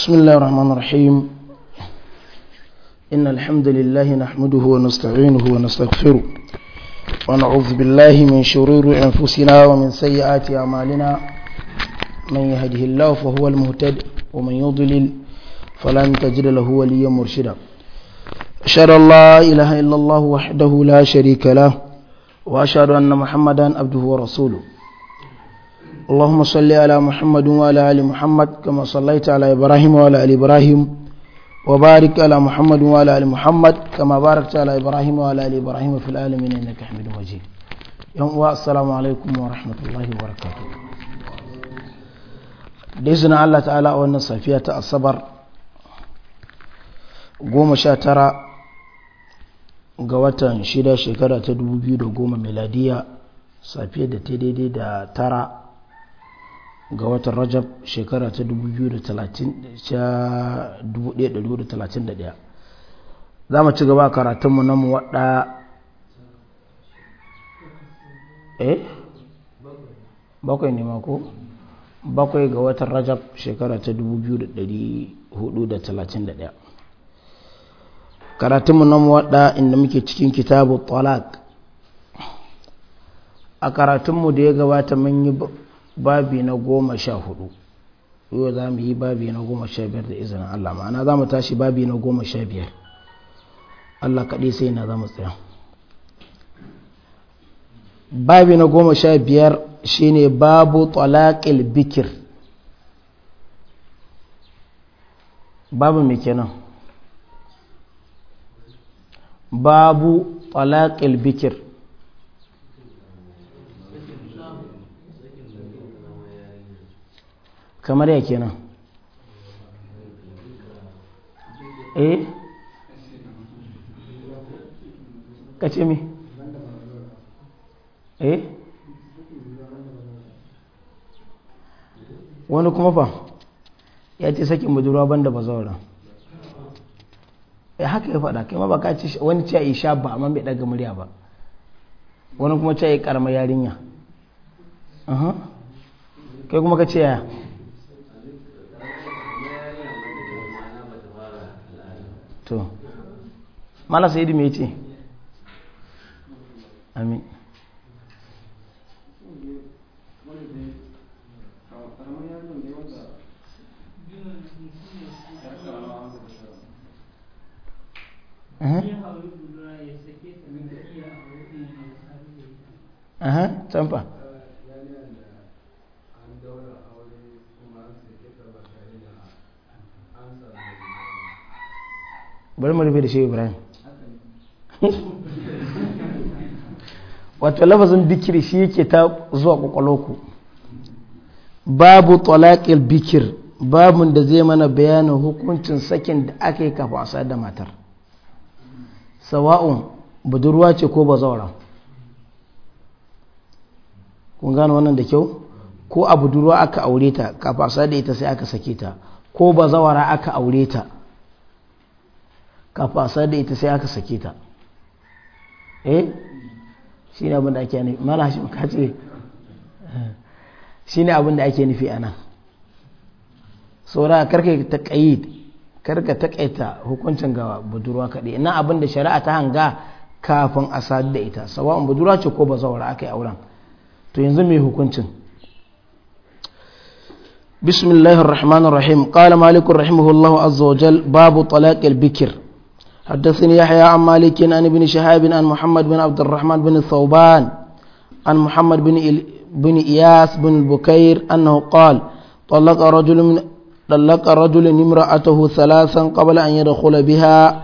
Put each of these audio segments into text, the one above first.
بسم الله الرحمن الرحيم إن الحمد لله نحمده ونستعينه ونستغفره ونعوذ بالله من شرور أنفسنا ومن سيئات أعمالنا من يهده الله فهو المهتد ومن يضلل فلن تجد له وليا مرشدا أشهد أن لا إله إلا الله وحده لا شريك له وأشهد أن محمدا عبده ورسوله اللهم صل على محمد وعلى آل محمد كما صليت على إبراهيم وعلى آل إبراهيم وبارك على محمد وعلى آل محمد كما باركت على إبراهيم وعلى آل إبراهيم في العالمين إنك حميد مجيد يوم السلام عليكم ورحمة الله وبركاته بإذن الله تعالى وأن صفية الصبر قوم شاترا ga watan shida shekara ta 2010 miladiya safiya da ta daidai da tara ga watan rajab shekara ta 1231 za mu ci gaba karatunmu na muwaɗa eh bakwai ne mako bakwai ga watan rajab shekara ta 1431 karatunmu na muwaɗa inda muke cikin kitabu talak a karatunmu da ya gabata mun yi babi na goma sha hudu yau za mu yi babi na goma sha biyar da izinin Allah ma'ana za mu tashi babi na goma sha biyar Allah kaɗi sai na za mu tsaya babi na goma sha biyar shine babu talaƙil bikir babu mai kenan babu talaƙil bikir kamar ya kenan eh ka ce mi eh wani kuma fa ya ce sakin budurwa banda bazaura eh haka ya faɗa kai ma ba ka ce wani ce ya sha ba amma bai daga murya ba wani kuma ce ya karma yarinya kai kuma ka ce yaya to mala sa'idu me ce Aha, bari mu rufe da shehu ibrahim wato lafazin bikiri shi yake ta zuwa kwakwalwarku babu talaqil bikir babun da zai mana bayanin hukuncin sakin da aka yi kafa da matar sawa'un budurwa ce ko bazaura kun gano wannan da kyau ko a budurwa aka aure ta kafa da ita sai aka sake ta ko ba bazawara aka aure ta kafin a da ita sai aka sake ta eh shi ne abin da ake nufi mala shi ka ce eh, shi ne abin ake nufi a nan saura karka ta ƙayid karka taƙaita hukuncin ga budurwa kaɗai ina abinda da shari'a ta hanga kafin a sadu da ita sawa'un budurwa ce ko ba zaura aka yi auren to yanzu mai hukuncin بسم الله الرحمن الرحيم قال مالك رحمه الله عز وجل باب حدثني يحيى عن مالك عن ابن شهاب عن محمد بن عبد الرحمن بن الثوبان عن محمد بن إل... بن إياس بن بكير أنه قال طلق رجل من طلق رجل امرأته ثلاثا قبل أن يدخل بها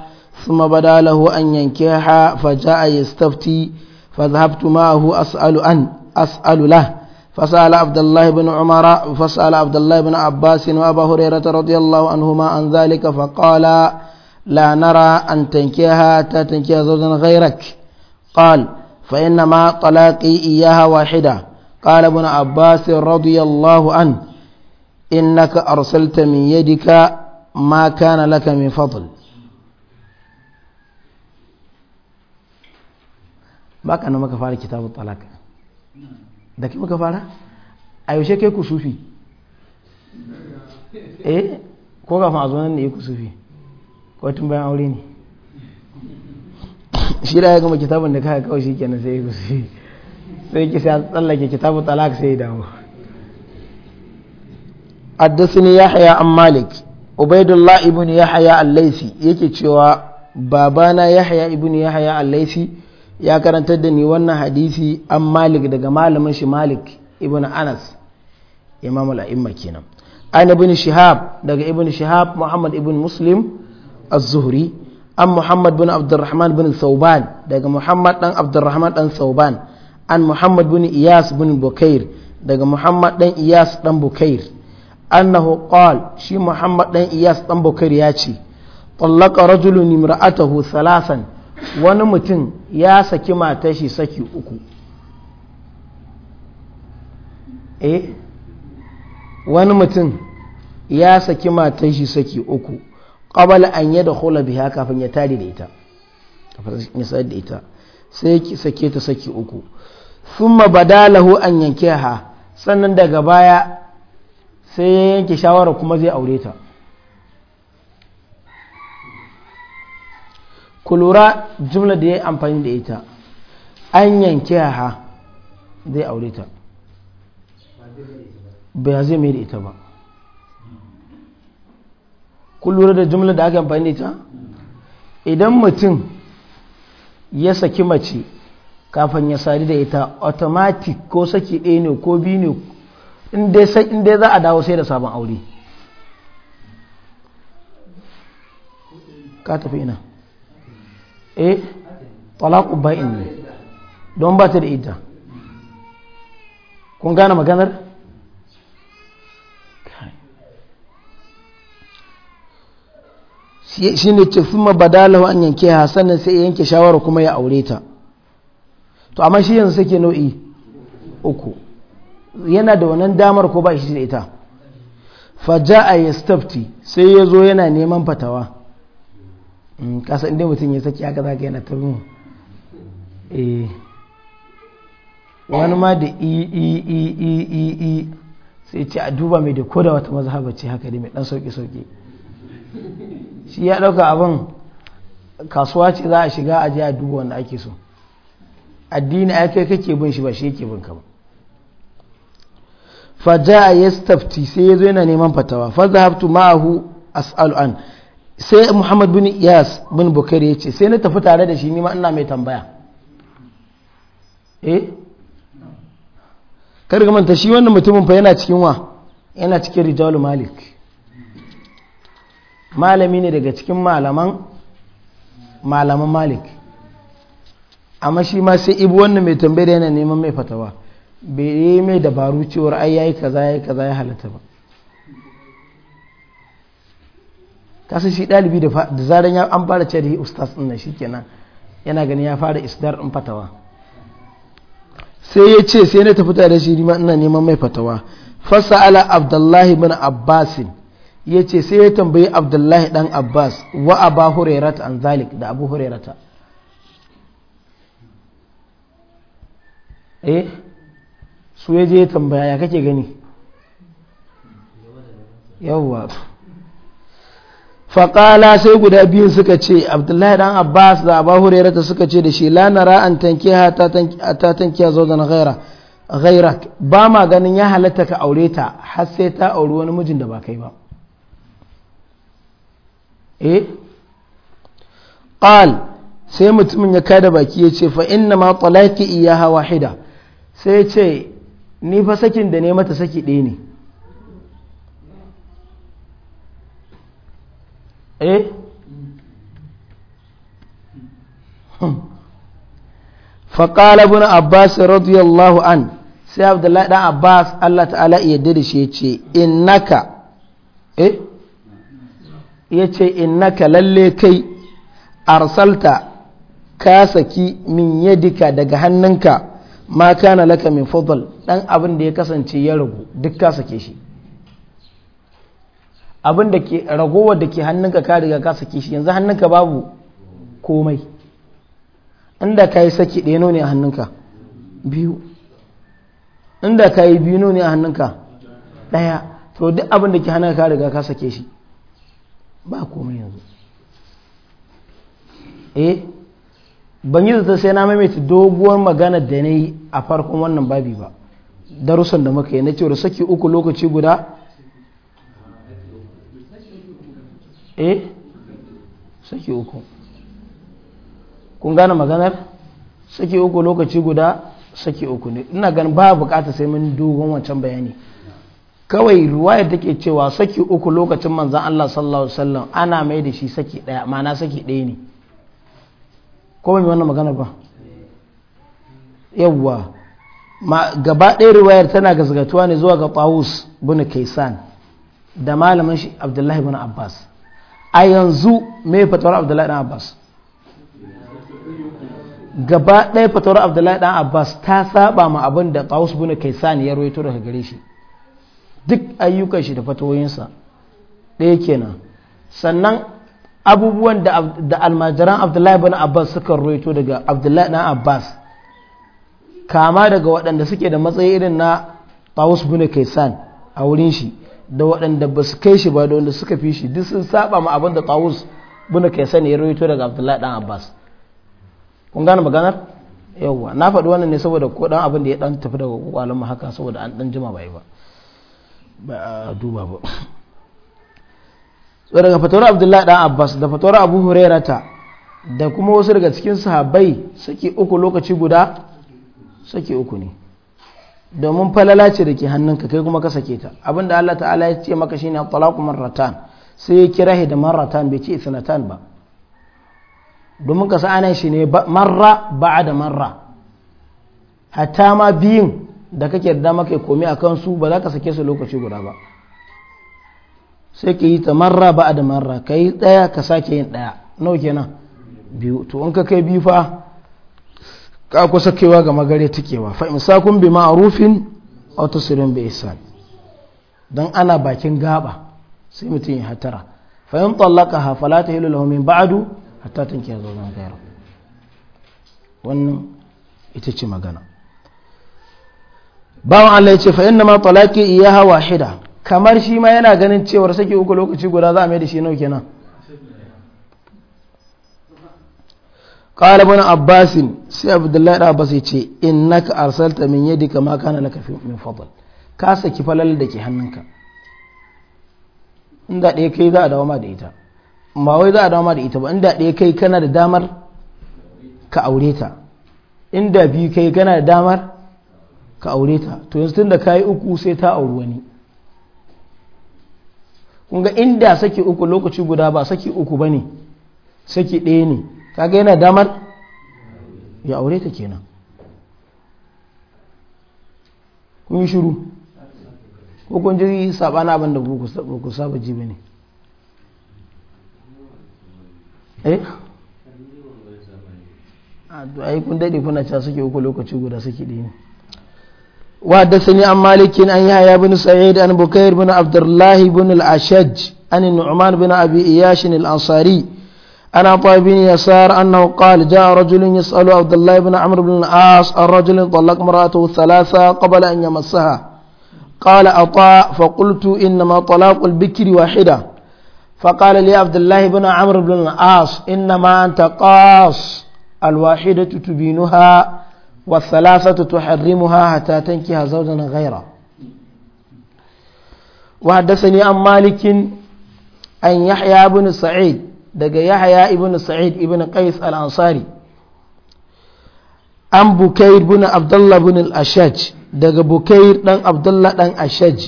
ثم بدا له أن ينكحها فجاء يستفتي فذهبت معه أسأل أن أسأل له فسأل عبد الله بن عمر فسأل عبد الله بن عباس وأبا هريرة رضي الله عنهما عن ذلك فقال لا نرى أن تنكيها تنكيها زوجا غيرك قال فإنما طلاقي إياها واحدة قال ابن عباس رضي الله عنه إنك أرسلت من يدك ما كان لك من فضل baka na maka fara kitabun talak da ki muka fara a yaushe kai ku sufi eh ko kafin a zo nan ne ku sufi kotun bayan aure ne shi da ya gama kitabun da kaka kawai shi kenan sai ku sai ki sai tsallake kitabu talak sai ya dawo حدثني يحيى عن malik عبيد ibn ابن يحيى الليثي yake cewa babana yahya ibn yahya al-laisi ya karantar da ni wannan hadisi an malik daga malamin shi malik ibn anas imamul aimma kenan an ibn shihab daga ibn shihab muhammad ibn muslim az-zuhri an muhammad bin abdurrahman bin sauban daga muhammad dan abdurrahman dan sauban an muhammad bin iyas bin bukair daga muhammad dan iyas dan bukair annahu qal shi muhammad dan iyas dan bukair ya ce tallaka rajulun imra'atahu salasan wani mutum ya saki matashi saki uku wani mutum ya saki matar saki uku eh? qabala an yadkhula biha kafin ya da ita kafin ya sayar da ita sai ya sake ta saki uku thumma badalahu an yankeha sannan daga baya sai ya yanke shawara kuma zai aure ta ku lura jumla da ya yi amfani da ita an yanke ha zai aure ta ba zai mai da ita ba kun da jumla da aka amfani ta idan mutum ya saki mace kafin ya sadi da ita automatic ko saki ɗaya ne ko biyu ne inda za a dawo sai da sabon aure ka tafi ina eh talaku ba'in ne don ba ta da ita kun gane maganar? shi ne ce sun badalahu an yanke ha sannan sai yanke shawara kuma ya aure ta to amma shi yanzu sake nau'i uku yana da wannan damar ko ba shi da ita faja a ya stafti sai ya zo yana neman fatawa mm, kasa inda mutum ya saki haka zaka yana mu eh. wani ma da i sai ce a duba mai da koda wata mazhaba ce haka dai mai dan sauki-sauki shi ya ɗauka abin kasuwa ce za a shiga a jiya duba wanda ake so addini a kai kake bin shi ba shi yake bin kama. ba a yi yastafti sai ya zo yana neman fatawa fa zahabtu ma'ahu as'alu an sai muhammad bin iyas bin bukari ya ce sai na tafi tare da shi nima ina mai tambaya eh kar shi wannan mutumin fa yana cikin wa yana cikin rijalul malik malami ne daga cikin malaman malaman malik amma shi ma sai ibu wannan mai tambayar yana neman mai fatawa bai yi mai dabaru cewar ai yayi kaza yayi kaza ya halatta ba kasan shi dalibi da zaran ya an fara cari ustaz ɗin nan shikenan yana gani ya fara isdar ɗin fatawa sai ya ce sai na tafi tare shi ma ina neman mai fatawa fasa ala abdullahi bin abbasin ya ce sai ya tambayi abdullahi dan abbas wa aba hurairata an zalik da abu hurairata eh su ya je tambaya ya kake gani yawwa faƙala sai guda biyun suka ce abdullahi dan abbas da abu hurairata suka ce da shi lanara an ha ta tanke zo da na gairak ba ma ganin ya halatta ka aure ta har sai ta auri wani mijin da ba kai ba ƙal eh? sai mutumin ya kada baki ya ce fa’in na ma ƙwalaki iya hawa sai ce ni fa sakin da ne mata saki ɗe ne eh? hmm. faƙala buna abbas radiyallahu an sai abdullahi ɗan abbas allata ala’i yadda da ce in naka eh ya ce innaka lalle kai arsalta ka saki min yadika daga hannunka ma kana laka min fadl dan abin da ya kasance ya ragu duk ka sake shi abin da ke ragowa da ke hannunka ka riga ka sake shi yanzu hannunka babu komai inda ka yi saki ɗaya ne a hannunka biyu inda ka yi biyu ne a hannunka ɗaya to duk abin da ke hannunka ka riga ka sake shi ba komai yanzu eh ban yi zata sai na maimaita doguwar magana da na yi a farkon wannan babi ba darussan da muka yi na cewar saki uku lokaci guda eh saki uku kun gane maganar saki uku lokaci guda saki uku ne ina ganin ba bukata sai mun dogon wancan bayani kawai ruwaya take cewa saki uku lokacin manzan Allah sallallahu alaihi wasallam ana mai da shi saki daya ma'ana saki daya ne ko mai wannan magana ba yawwa ma gaba ɗaya ruwayar tana gasgatuwa ne zuwa ga Tawus bin Kaisan da malamin shi Abdullahi bin Abbas a yanzu me fatawar Abdullahi bin Abbas gaba ɗaya fatawar Abdullahi bin Abbas ta saba ma abin da Tawus bin Kaisan ya rawaito daga gare shi duk ayyukan shi da fatoyinsa ɗaya kenan sannan abubuwan da almajiran abdullahi bin abbas suka roito daga abdullahi na abbas kama daga waɗanda suke da matsayi irin na tawus bin kaisan a wurin shi da waɗanda ba su kai shi ba da wanda suka fi shi duk sun saba ma abin da tawus bin kaisan ya roito daga abdullahi dan abbas kun gane maganar yawwa na faɗi wannan ne saboda ko dan abin da ya dan tafi daga kwakwalwar haka saboda an dan jima bai ba ba a duba daga fatawar abdullahi dan abbas da fatawar abu hurairata da kuma wasu daga cikin sahabbai saki uku lokaci guda saki uku ne domin falala ce da ke hannunka kai kuma ka sake ta abinda Allah ta'ala ya ce maka shine talaqu marratan sai ya kira da marratan bai ce sanatan ba domin ka sa ana shi ne marra da marra hatta ma biyun da kake da dama kai komai a kansu ba za ka sake su lokaci guda ba sai ka yi ta marra ba da marra ka yi ɗaya ka sake yin ɗaya nawa kenan biyu to in ka kai biyu fa ka kusa kaiwa ga magare tikewa fa sakun bi ma'rufin aw tasrun bi ihsan dan ana bakin gaba sai mutum ya hatara fa in tallaqaha fala tahilu lahu min ba'du hatta tankiya zawjan ghayra wannan ita ce magana bawan Allah ya ce fa inna ma talaqi iyaha wahida kamar shi ma yana ganin cewar saki uku lokaci guda za a mai da shi nauke kenan qala ibn abbas sai abdullahi da abbas ya ce innaka arsalta min yadika ma kana laka min fadl ka saki falal da ke hannunka inda ɗaya kai za a dawo ma da ita ba wai za a dawo ma da ita ba inda ɗaya kai kana da damar ka aure ta inda biyu kai kana da damar ka aure ta to yanzu tun da ka yi uku sai ta auri wani kunga inda saki uku lokaci guda ba saki uku ba ne saki ɗaya ne kaga yana damar ya aure ta kenan kun yi shiru ko kun ji na ban da ku saba ji ne eh a ai kun dade kuna ca suke uku lokaci guda suke ɗaya ne وحدثني عن مالك أن يحيى بن سعيد أن بكير بن عبد الله بن الأشج أن النعمان بن أبي إياش الأنصاري أن عطاء بن يسار أنه قال جاء رجل يسأل عبد الله بن عمرو بن العاص الرجل طلق امرأته ثلاثة قبل أن يمسها قال عطاء فقلت إنما طلاق البكر واحدة فقال لي عبد الله بن عمرو بن العاص إنما أنت قاص الواحدة تبينها والثلاثة تحرمها حتى تنكح زوجا غيره وحدثني عن مالك أن يحيى بن سعيد دق يحيى ابن سعيد ابن قيس الأنصاري عن بكير بن عبد الله بن الأشج دق بكير بن عبد الله بن أشج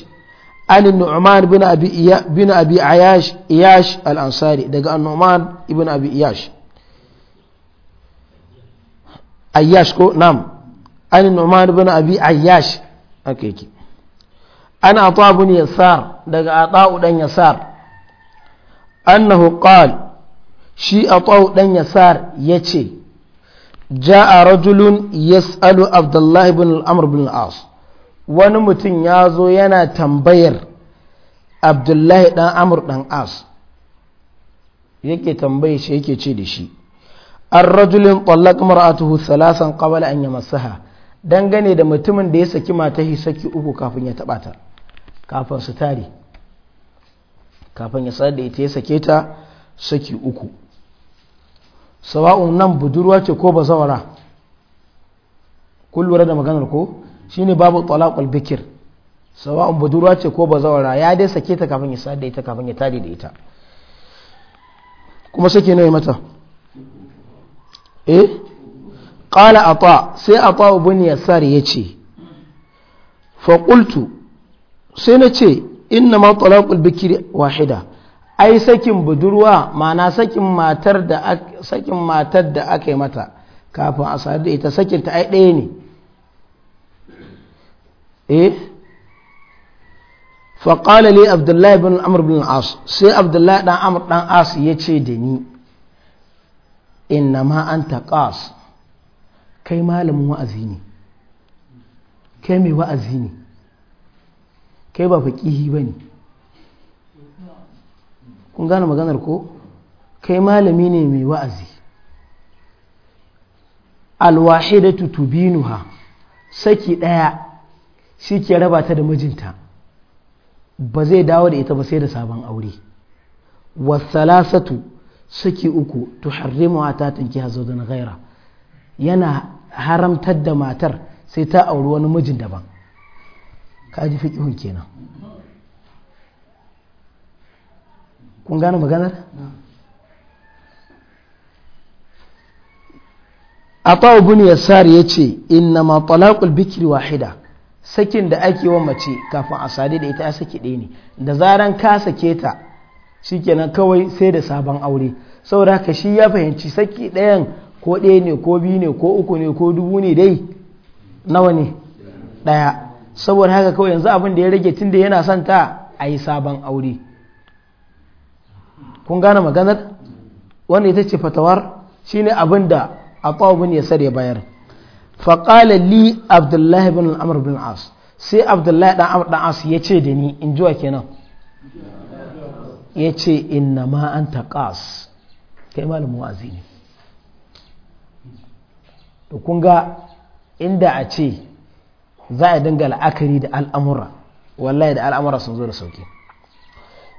عن النعمان بن أبي بن أبي عياش إياش الأنصاري دق النعمان ابن أبي إياش ayyash ko nam an nu'man ibn abi ayyash aka ki an ata ibn yasar daga ata dan yasar annahu qala shi ata dan yasar yace ja'a rajulun yas'alu abdullahi ibn al-amr ibn al-as wani mutum ya zo yana tambayar abdullahi dan amur dan as yake tambaye shi yake ce da shi an rajulin tsallak mar'atuhu salasan qabla an yamassaha dangane da mutumin da ya saki mata shi saki uku kafin ya taba ta kafin su tare kafin ya sadar da ita ya sake ta saki uku sawa'un nan budurwa ce ko bazawara kun lura da maganar ko shine babu talaqul bikir sawa'un budurwa ce ko ba zawara ya dai sake ta kafin ya sadar da ita kafin ya tare da ita kuma sake nawa mata eh qala ata sai ata ibn yasar ya ce faƙultu sai na ce inna ma talaqul bikri wahida ai sakin budurwa ma'ana sakin matar da sakin matar da aka yi mata kafin a sadu da ita sakin ta ai ɗaya ne eh fa qala li abdullahi ibn amr ibn as sai abdullahi dan amr dan as ce da ni inna ma an qas kai malamin wa'azi ne kai mai wa'azi ne kai ba faƙihi ba ne kun gane maganar ko kai malami ne mai wa'azi alwahidatu tubinuha saki ɗaya shi ke raba ta da mijinta ba zai dawo da ita ba sai da sabon aure wasalasatu saki uku tu tuharrimu ta tanki da gaira yana haramtar da matar sai ta auri wani mijin daban kaji fiqhun kenan kun gane maganar bin Yassar ya ce, Inna ma bikiri bikri wahida, sakin da ake wa mace kafin a sadi da ita ya saki ɗaya ne, da zaran ka sake ta kenan kawai sai da sabon aure saboda haka shi ya fahimci saki ɗayan ko ɗaya ne ko biyu ne ko uku ne ko dubu ne dai nawa ne ɗaya saboda haka kawai yanzu abin da ya rage tun da yana son ta a yi sabon aure kun gane maganar wanda ita ce fatawar shine abin da a bin ya sare bayar faƙala li abdullahi bin al'amur bin as sai abdullahi ɗan as ya ce da ni in jiwa kenan ya ce inna ma an taƙas kai malamin wa'azi ne da kunga inda a ce za a dinga la'akari da al'amura wallahi da al'amura sun zo da sauki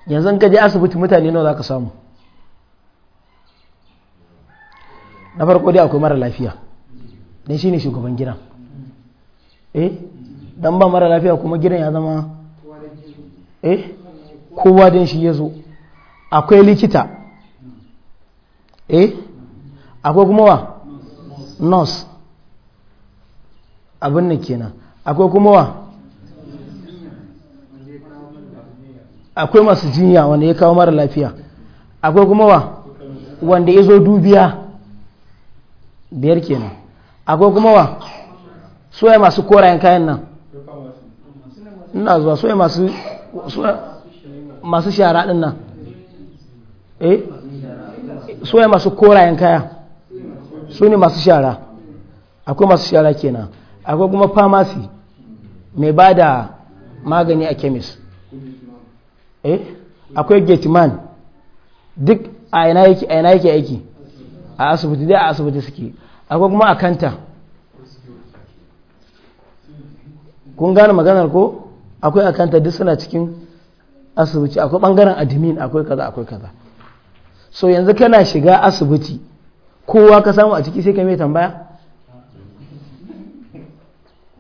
yanzu ka je asibiti mutane nawa za ka samu na farko dai akwai mara lafiya don shi ne shugaban gidan eh dan ba mara lafiya kuma gidan ya zama eh kowa don shi ya zo akwai likita eh akwai kuma wa nurse abin nan kenan akwai kuma wa akwai masu jinya wanda ya kawo mara lafiya akwai kuma wa wanda ya zo dubiya biyar kenan akwai kuma wa soya masu korayen kayan nan ina zuwa soya masu shara din nan eh soya masu korayen kaya su ne masu shara akwai masu shara kenan akwai kuma famasi mai ba da magani a kemis eh akwai man duk a ina yake aiki a asibiti dai a asibiti suke akwai kuma a kanta kun gane maganar ko akwai a kanta duk suna cikin asibiti akwai bangaren admin akwai kaza akwai kaza so yanzu kana shiga asibiti kowa ka samu a ciki sai ka mai tambaya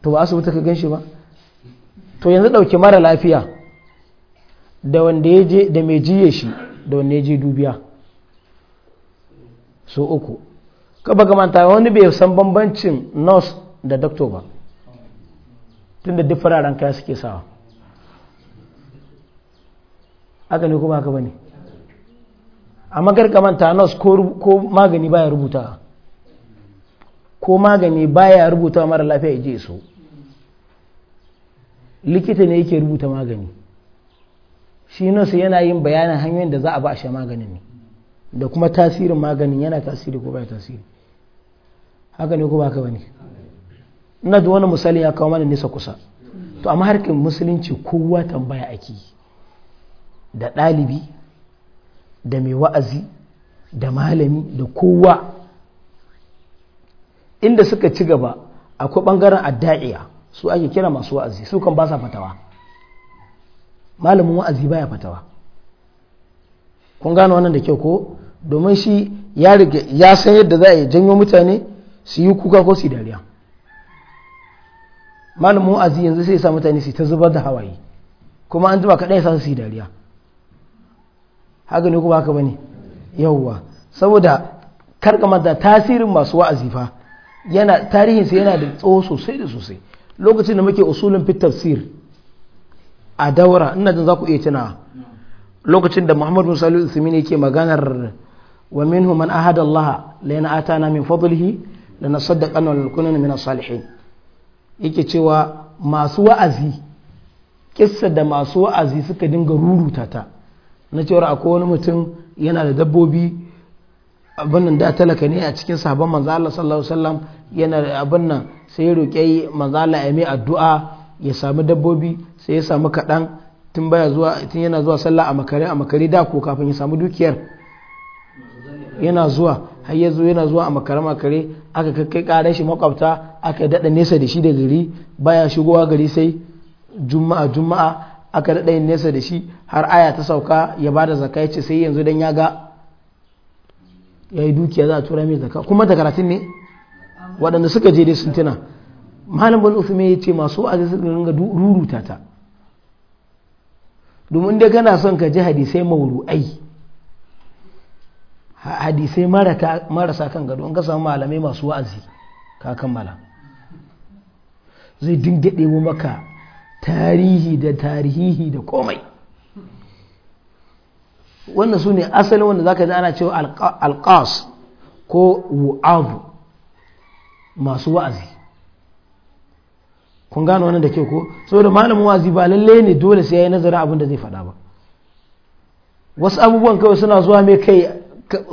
to ba asibiti ka ganshi ba to yanzu ɗauki mara lafiya da wanda ya je da mai jiye shi da wanda ya je dubiya so uku ka baka manta wani bai san bambancin nurse da doctor ba tunda duk fararen kaya suke sawa haka ne kuma haka bane ne a karka nas ko magani baya rubuta ko magani baya rubuta mara lafiya ya je so likita ne yake rubuta magani shi nasu yana yin bayanin hanyoyin da za a ba a sha maganin ne da kuma tasirin maganin yana tasiri ko baya tasiri haka ne ko ba haka bane na da wani misali ya kawo mana nisa kusa to amma harkin musulunci kowa tambaya ake da ɗalibi da mai wa'azi da malami da kowa inda suka ci gaba akwai ɓangaren adda'iya su ake kira masu wa'azi su kan ba sa fatawa malamin wa'azi baya fatawa kun gano wannan da kyau ko domin shi ya san yadda za a yi janyo mutane su yi kuka ko su dariya malamin wa'azi yanzu sai ya sa mutane su ta zubar da hawaye kuma an zuba kaɗai sa su yi dariya haka ne kuma haka bane yawwa saboda karkamanta tasirin masu wa'azi fa yana tarihin sa yana da tsawo sosai da sosai lokacin da muke usulun fit tafsir a daura ina jin za iya tuna lokacin da Muhammad bin Salih Uthaymeen yake maganar wa minhum man ahada Allah la atana min fadlihi lanasaddaqanna wa lakunanna min as-salihin yake cewa masu wa'azi kissa da masu wa'azi suka dinga rurutata. na cewar akwai wani mutum yana da dabbobi abin nan da talaka ne a cikin sabon manzo Allah sallallahu alaihi wasallam yana da abin nan sai ya roƙe manzo Allah ya mai addu'a ya samu dabbobi sai ya samu kaɗan tun baya zuwa tun yana zuwa sallah a makare a makare da ko kafin ya samu dukiyar yana zuwa har ya zo yana zuwa a makare makare aka kai karar shi makwabta aka daɗa nesa da shi da gari baya shigowa gari sai juma'a juma'a aka daɗa yin nesa da shi har aya ta sauka ya ba da zaka ya ce sai yanzu dan ya ga ya yi dukiya za a tura mai zaka kuma da karatun ne waɗanda suka je dai sun tuna malam bin usman ya ce masu wa'azi sun ringa ruruta ta domin dai kana son ka ji hadisai mauru'ai hadisai marasa kan gado in ka samu malamai masu wa'azi ka kammala zai dinga ɗebo maka tarihi da tarihi da komai wannan su ne asalin wanda za ka ji ana cewa alƙas ko wu'abu masu wa'azi kun gano wannan da ke ko saboda malamin wa'azi ba lalle ne dole sai ya yi nazarin abin da zai faɗa ba wasu abubuwan kawai suna zuwa mai kai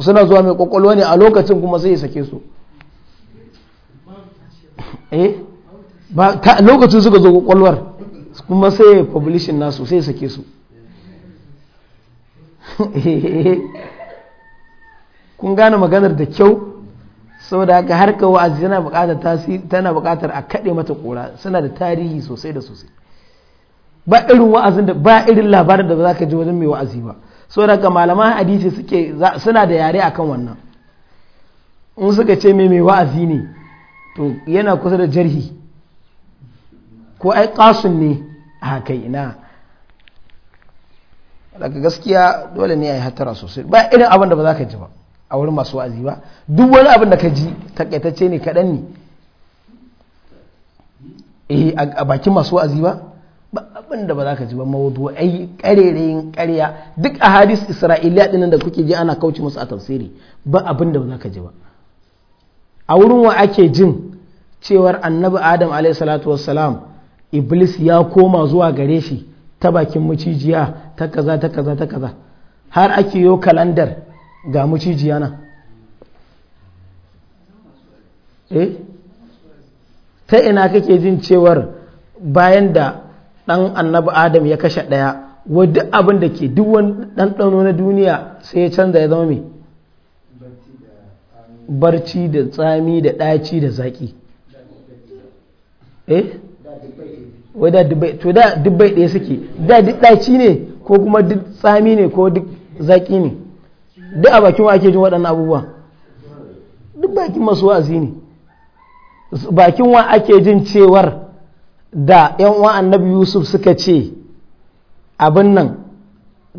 suna zuwa mai kwakwalwa ne a lokacin kuma sai ya sake su eh ba lokacin suka zo kwakwalwar kuma sai ya publishing nasu sai sake su kun gane maganar da kyau saboda haka ka wa'azi tana buƙatar tasiri tana bukatar a kaɗe mata ƙura suna da tarihi sosai da sosai ba irin wa'azin da ba irin labarin da ba za ka ji wajen mai wa'azi ba saboda haka malaman hadisi suke suna da yare akan wannan in suka ce mai mai wa'azi ne to yana kusa da jarhi ko ai ƙasun ne haka ina daga gaskiya dole ne a yi hatara sosai ba irin abin da ba za ka ji ba a wurin masu wa'azi ba duk wani abin da ka ji takaitacce ne kaɗan ne eh a bakin masu wa'azi ba ba abin da ba za ka ji ba mawudu'ai ƙarerayin ƙarya duk a hadis isra'iliya ɗinan da kuke ji ana kauce musu a tafsiri ba abin da ba za ka ji ba a wurin wa ake jin cewar annabi adam alaihi salatu wassalam iblis ya koma zuwa gare shi ta bakin mucijiya ta kaza ta kaza ta kaza har ake yo kalandar ga mucijiya na eh ta ina kake jin cewar bayan da dan annabi adam ya kashe daya wadda abin da ke duk wani ɗanɗano na duniya sai ya canza ya zama mai barci da tsami da ɗaci da zaƙi eh wai da dubbai to da dubbai ɗaya suke da duk ɗaci ne ko kuma duk tsami ne ko duk zaƙi ne duk a bakin ake jin waɗannan abubuwa duk bakin masu wa'azi ne bakin wa ake jin cewar da yan uwan annabi yusuf suka ce abin nan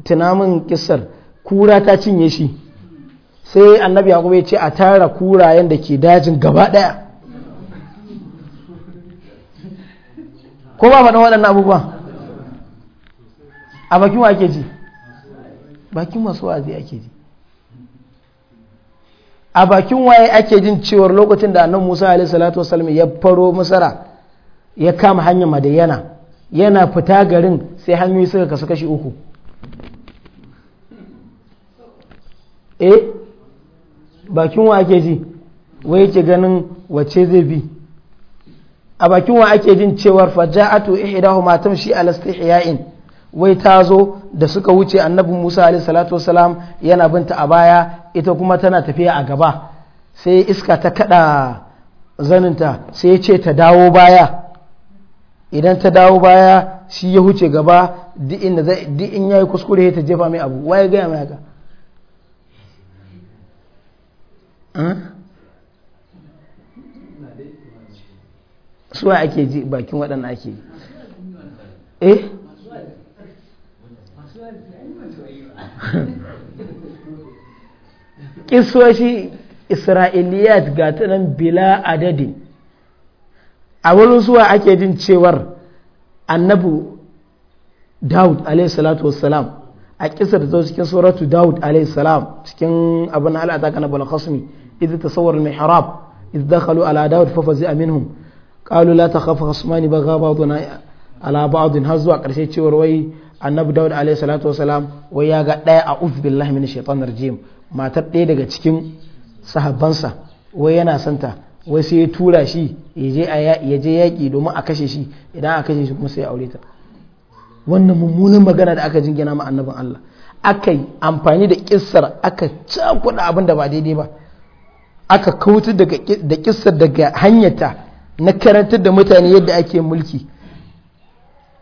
tunamin kisar kura ta cinye shi sai annabi yaƙubu ya ce a tara kurayen da ke dajin gaba ɗaya ko ba faɗin waɗannan abubuwa a bakin wa ake ji bakin masu wazi ake ji a bakin waye ake jin cewar lokacin da annan musa alaihi salatu ya faro masara ya kama hanyar madayana yana fita garin sai hanyoyi suka kasu kashi uku eh bakin wa ake ji wai yake ganin wace zai bi a bakin wa ake jin cewar faja'atu ma tamshi ala istihya'in wai ta zo da suka wuce annabi Musa alaihi salatu wasalam yana binta a baya ita kuma tana tafiya a gaba sai iska ta kada zaninta sai ya ce ta dawo baya idan ta dawo baya shi ya huce gaba duk in yayi kuskure ta jefa mai abu waye gaya mai haka hmm? suwa ake ji bakin waɗanda ake yi eh shi isra'iliyat ga ta nan bila adadin a wurin suwa ake jin cewar annabu daud alaihi salatu wassalam a kisar da cikin suratu daud alaihi salam cikin abin al'ata kanabal balakasmi idan tasawar harab idan dakhalu ala daud fa fazi'a minhum qalu la takhaf khasmani baga ba'duna ala ba'din har zuwa karshe cewar wai annabi daud alaihi salatu wasalam wai ya ga daya a uf billahi min shaitanir rajim matar ɗaya daga cikin sahabbansa wai yana santa wai sai ya tura shi ya je yaƙi domin a kashe shi idan a kashe shi kuma sai ya aure ta wannan mummunan magana da aka jingina ma annabin Allah akayi amfani da kissar aka cakuɗa abinda da ba daidai ba aka kautar da kissar daga hanyarta na karantar da mutane yadda ake mulki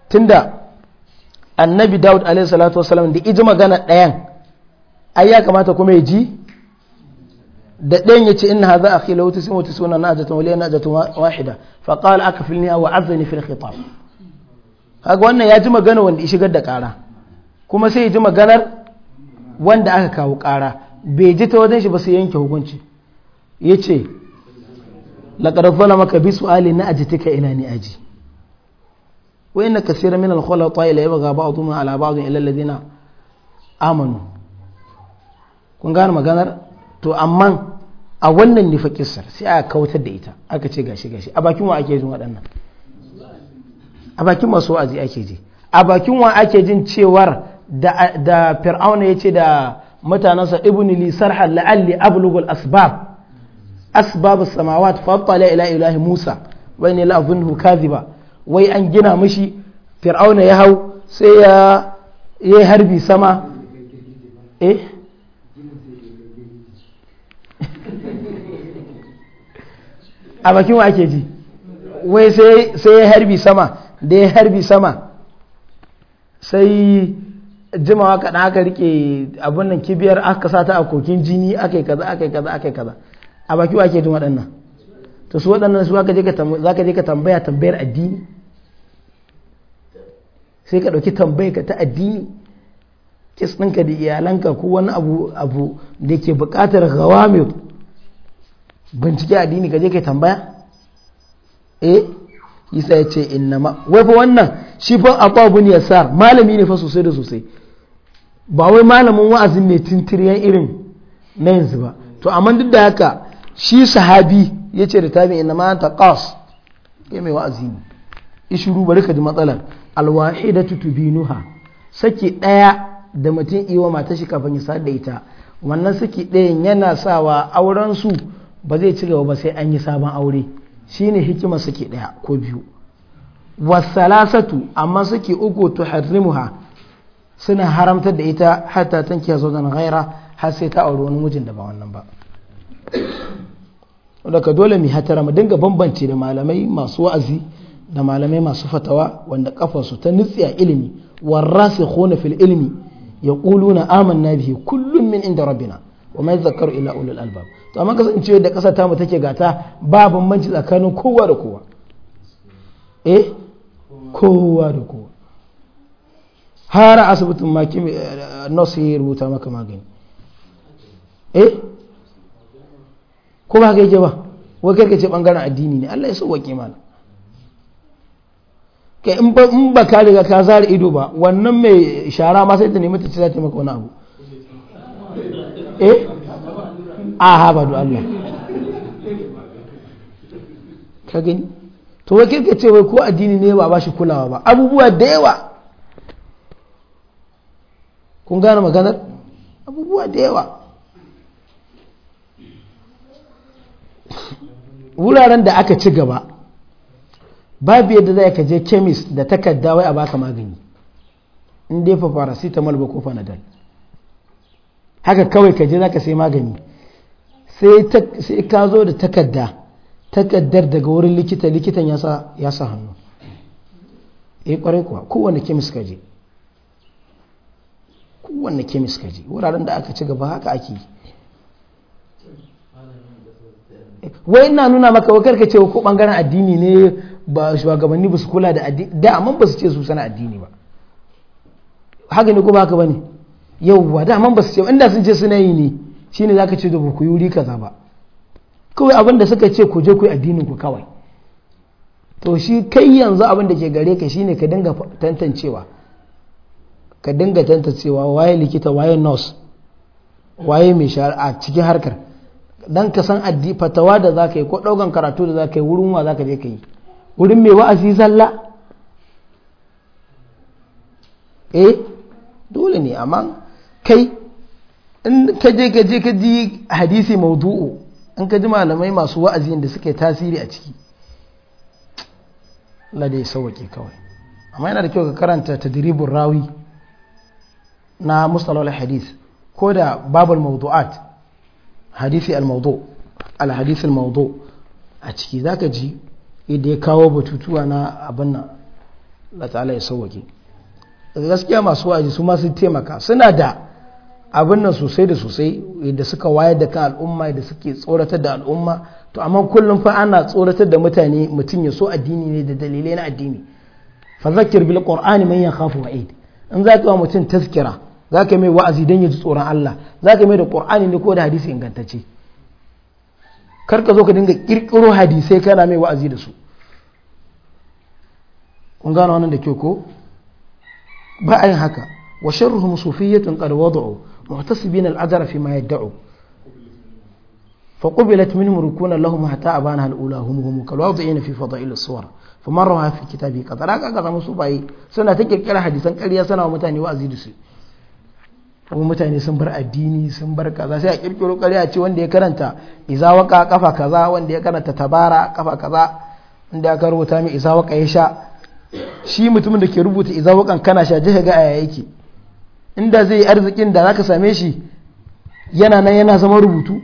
tunda annabi daud alaihi salatu wasalam da iji magana ɗayan ai ya kamata kuma ya ji da ɗayan ya ce inna hadha akhi law tusimu tusuna najatun na najatun wahida fa qala akfilni wa fil khitab kaga wannan ya ji magana wanda ya shigar da kara kuma sai ya ji maganar wanda aka kawo ƙara bai ji ta wajen shi ba sai yanke hukunci yace لقد ظلمك بسؤال su'ali na ajtika ila ni aji wa inna kaseeran min al-khulata ila yabgha ba'dhum ala ba'd ila alladhina amanu kun gane maganar to amma a wannan nufa kissar sai aka kawatar da ita aka ce gashi gashi a bakin wa ake jin waɗannan a bakin masu wa'azi ake ji a bakin wa ake jin cewar da fir'auna ya ce da mutanensa ibn li la'alli ablugul asbab asbab as-samawat fa tala ila ilahi Musa wa inni la azunhu kadhiba wai an gina mishi fir'auna ya hau sai ya yi harbi sama eh a bakin wa ake ji wai sai ya harbi sama da ya harbi sama sai jimawa kaɗan aka rike abin nan kibiyar aka sata a kokin jini aka yi kaza aka yi kaza aka yi kaza a baki wa ke jin waɗannan to su waɗannan su za ka je ka tambaya tambayar addini sai ka ɗauki tambayar ka ta addini kis ɗinka da iyalanka ko wani abu abu da ke buƙatar mai bincike addini ka je ka tambaya eh isa ya ce inna ma wai fa wannan shi fa abu ya yasar malami ne fa sosai da sosai ba wai malamin wa'azin ne tintiriyan irin na yanzu ba to amma duk da haka shi sahabi ya ce da tabi inna ma ta qas ya mai wa'azi ishuru bari ka ji matsalar alwahidatu tubinuha saki daya da mutum iwa mata shi kafin ya da ita wannan saki ɗayan yana sawa auren su ba zai ci gaba ba sai an yi sabon aure shine hikimar saki daya ko biyu wasalasatu amma saki uku tuharrimuha suna haramtar da ita hatta tankiya zaunan ghaira har sai ta auri wani mijin da ba wannan ba ka dole mu hatara mu dinga bambance da malamai masu wa'azi da malamai masu fatawa wanda kafarsu ta nutsi a ilimi warrasikhuna fil ilmi yaquluna amanna bihi kullum min inda rabbina wa mai yadhakkaru illa ulul albab to amma kasance da ta mu take gata ba bambanci tsakanin kowa da kowa eh kowa da kowa har asibitin ma eh, ya rubuta maka magani eh ko ba ka yake ba wai karka ce bangaren addini ne Allah ya sauwake mana kai in ba ka riga ka zara ido ba wannan mai shara ma sai ta nemi ta ce za ta maka wani abu eh a ha ba Allah ka gani to wai karka ce wai ko addini ne ba ba shi kulawa ba abubuwa da yawa kun gane maganar abubuwa da yawa wuraren da aka ci gaba babu yadda za ka je kemis da takarda wai a baka magani in dai fa paracetamol ba ko panadol haka kawai ka je za ka sai magani sai ka zo da takarda takardar daga wurin likita likitan ya sa hannu eh kwarai kuwa kowane kemis ka je kemis ka je wuraren da aka ci gaba haka ake yi wai ina nuna maka wai karka ce ko bangaren addini ne ba shugabanni ba su kula da addini da amma ba su ce su sana addini ba haka ne ko ba haka bane yauwa da amma ba su ce inda sun ce suna yi ne shine zaka ce da ku yi wuri kaza ba kawai abin da suka ce ku je ku yi addinin ku kawai to shi kai yanzu abin da ke gare ka shine ka dinga tantancewa ka dinga tantancewa waye likita waye nurse waye mai shari'a cikin harkar dan ka san addi fatawa da za ka yi ko ɗaukan karatu da za ka yi wurin wa za ka je ka yi wurin mai wa'azi zalla e dole ne amma kai in ka je ka je ka ji hadisi maudu'u in ka ji malamai masu wa'azi da suke tasiri a ciki la dai sauwake kawai amma yana da kyau ka karanta tadribur rawi na mustalahul hadis ko da babul mawdu'at hadisi al-mawdu al-hadisi al-mawdu a ciki zaka ji idan ya kawo batutuwa na abin nan Allah ta'ala ya sauwake gaskiya masu wa'azi su masu taimaka suna da abin nan sosai da sosai da suka wayar da kan al'umma da suke tsoratar da al'umma to amma kullum fa ana tsoratar da mutane mutum ya so addini ne da dalilai na addini fa zakir bil qur'ani man yakhafu wa'id in zaka wa mutum tazkira za ka mai wa’azi don yi tsoron Allah za mai da ƙor'ani ne ko da hadisi ingantacce karka zo ka dinga ƙirƙiro hadisai kana mai wa’azi da su kun gano wannan da kyau ko ba a yin haka wa sharruhu musufiyyatun ƙarwa da'o muhtasibin al'adara fi ma yadda o fa qubilat min murukuna lahum hatta abana al'ula hum hum kalwadina fi fada'il suwar fa marra fi kitabi qadara ka ga musu bai suna ta kirkira hadisan ƙarya sana wa mutane wa'azi da su kuma mutane sun bar addini sun bar kaza sai a kirkiro kare a ce wanda ya karanta iza waka kafa kaza wanda ya karanta tabara kafa kaza inda aka rubuta mai iza waka ya sha shi mutumin da ke rubuta iza wakan kana sha jihar ga aya yake inda zai yi arzikin da zaka same shi yana nan yana zama rubutu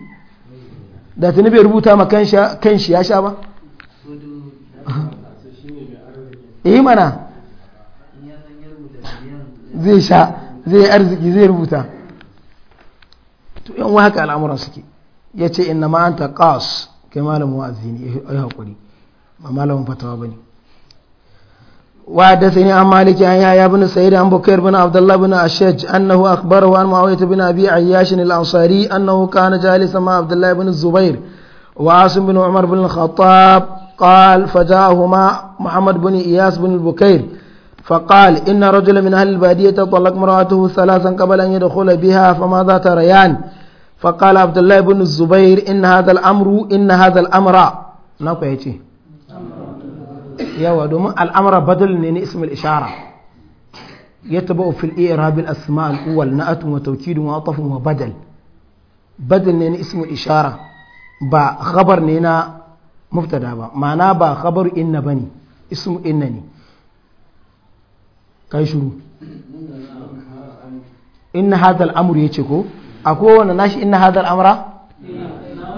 da tuni bai rubuta ma kan shi ya sha ba eh mana zai sha zai arziki zai rubuta to yan haka al'amuran suke ya ce inna ma kas kai malamin wa'azi ne ya yi haƙuri ma malamin fatawa ba ne wa da sai ne an maliki an yaya bin sayyid an bukayar bin abdullah bin ashaj annahu akbar wa mu'awiyah bin abi ayyash al ansari annahu kana jalisa ma abdullah bin zubair wa asim bin umar bin khattab قال فجاءهما محمد بن إياس بن البكير فقال إن رجلا من أهل البادية طلق امرأته ثلاثا قبل أن يدخل بها فماذا تريان فقال عبد الله بن الزبير إن هذا الأمر إن هذا الأمر نقول يا دوم الأمر بدل من اسم الإشارة يتبع في الإعراب الأسماء الأول نأت وتوكيد وعطف وبدل بدل من اسم الإشارة با خبر نينا مبتدا با معناه با خبر إن بني اسم إنني kai shuru inna hadha al-amr yace ko akwai wanda nashi inna hadha al-amra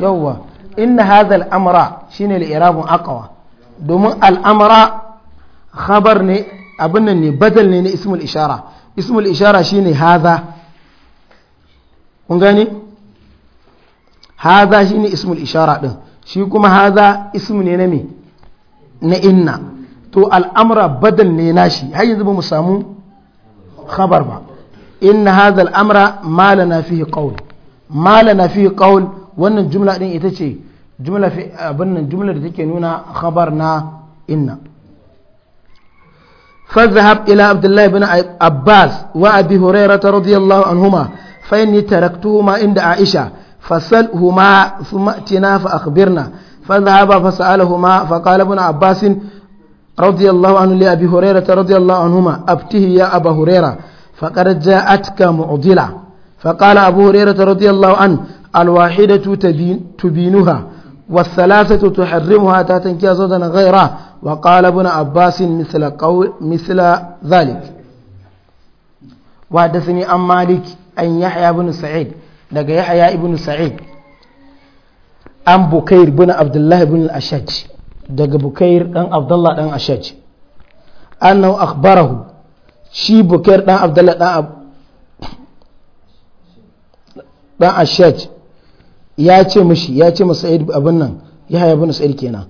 yawwa inna hadha al-amra shine al-i'rabun aqwa domin al-amra khabar ne abin nan ne badal ne na ismul ishara ismul ishara shine hadha kun gani? hadha shine ismul ishara din shi kuma hadha ismu ne na me na inna to al'amra badal ne nashi har yanzu ba mu samu khabar ba inna haza al'amra ma lana fihi qawl ma lana fihi qawl wannan jumla din ita ce jumla da take nuna khabar na inna فذهب إلى عبد الله بن عباس وأبي هريرة رضي الله عنهما فإني تركتهما عند عائشة فسلهما ثم ائتنا فأخبرنا فذهب فسألهما فقال ابن عباس رضي الله عنه لأبي هريرة رضي الله عنهما أبته يا أبا هريرة فقد جاءتك معضلة فقال أبو هريرة رضي الله عنه الواحدة تبين تبينها والثلاثة تحرمها حتى تنكي زوجا غيره وقال ابن عباس مثل قول مثل ذلك وحدثني عن مالك أن يحيى بن سعيد لقى يحيى بن سعيد عن بكير بن عبد الله بن الأشج daga bukair dan abdullah dan ashaj annahu akhbarahu shi bukair dan abdullah dan dan ashaj ya ce mishi ya ce masa sa'id abin nan ya haya bin sa'id kenan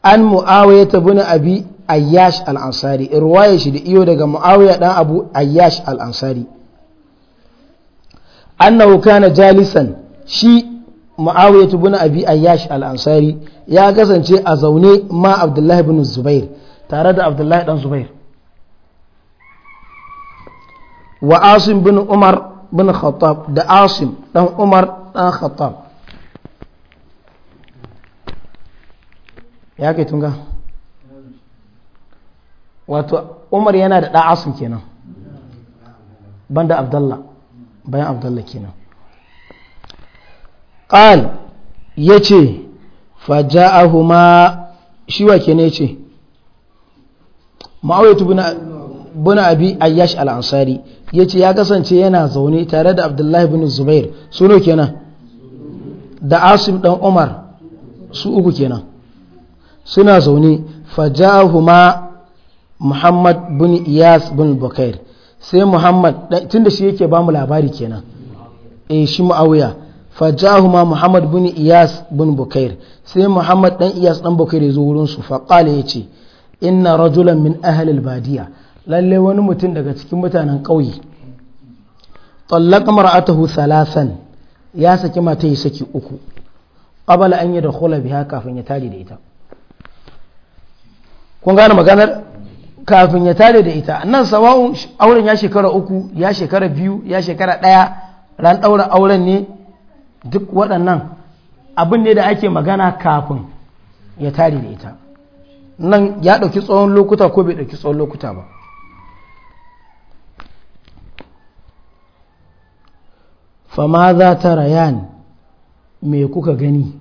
an muawiya ta bin abi ayyash al-ansari ruwaya shi da iyo daga muawiya dan abu ayyash al-ansari annahu kana jalisan shi ma'awiyah ibn abi ayyash al-ansari ya kasance a zaune ma abdullahi ibn zubair tare da abdullahi dan zubair wa asim bin umar bin khattab da asim dan umar dan khattab ya umar yana da asim kenan banda abdullah bayan abdullah kenan qal yace faja'ahuma shi wa kene ce. ma'awiyat ibn abi ayyash al-ansari yace ya kasance yana zaune tare da abdullahi bin zubair suno kenan da asim dan umar su uku kenan suna zaune faja'ahuma muhammad bin iyas bin bukair sai muhammad tunda shi yake ba mu labari kenan eh shi mu'awiya ما محمد بن إياس بن بكير سي محمد بن إياس بن بكير يزورون فقال يتي إن رجلا من أهل البادية للي ونمتن دقا تكمتان قوي طلق مرأته ثلاثا يا سكي ما سكي أكو قبل أن يدخل بها كافن يتالي ديتا kun gane maganar kafin ya tare da ita nan sawa'un auren ya shekara uku ya shekara biyu ya shekara ɗaya ran ɗaura auren ne duk waɗannan abin ne da ake magana kafin ya tare da ita nan ya ɗauki tsawon lokuta ko bai ɗauki tsawon lokuta ba fama za ta rayan me kuka gani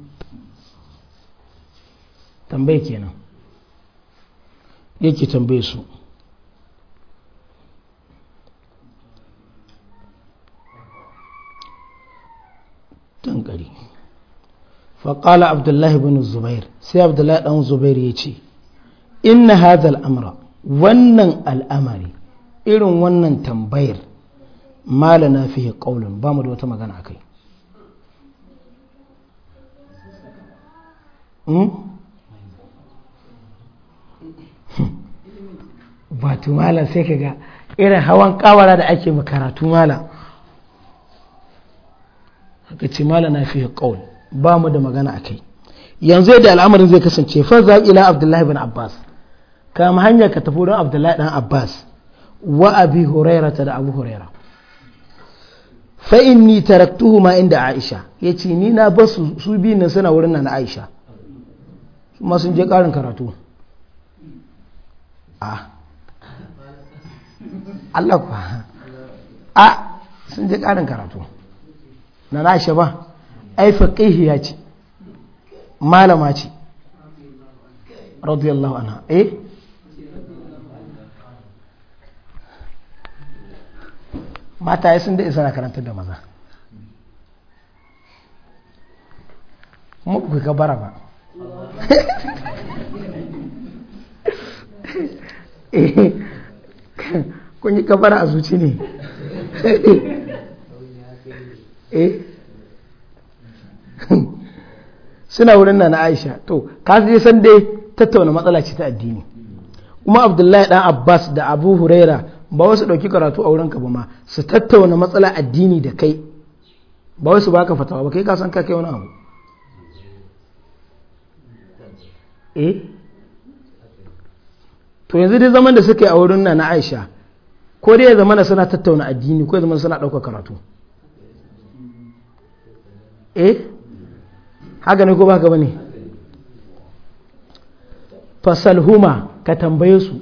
tambaye kenan yake tambaye su faƙala abdullahi bin zubair sai abdullahi ɗan zubair ya ce inna hadha al'amura wannan al'amari irin wannan tambayar malana fiye ƙaunin ba mu da wata magana a kai ba hmm? tumala sai ka irin hawan kawara da ake makaratu mala aka ce na fi qaul ba mu da magana a kai yanzu yadda al'amarin zai kasance fa za ila abdullahi bin abbas kama hanyar ka tafi don abdullahi dan abbas wa abi huraira ta da abu huraira fa inni ma inda aisha ya ce ni na ba su biyun nan suna wurin nan aisha kuma sun je karin karatu a Allah a sun je karin karatu na rashe ba ai faqihiya ce malama ce radiyallahu anha eh mata ya sun daɗe suna karantar da maza kuma ku ka bara ba eh, kun yi kabara a zuci ne eh suna wurin na aisha to ka ji san dai tattauna matsala ce ta addini kuma abdullahi dan abbas da abu huraira ba wasu ɗauki karatu a wurin ka ba ma su tattauna matsala addini da kai ba wasu baka fatawa ba kai ka san ka kai wani abu eh to yanzu dai zaman da suke a wurin na aisha ko dai ya zama suna tattauna addini ko ya zama suna ɗauka karatu eh haka ne ko ba gaba ne fasalhuma ka tambaye su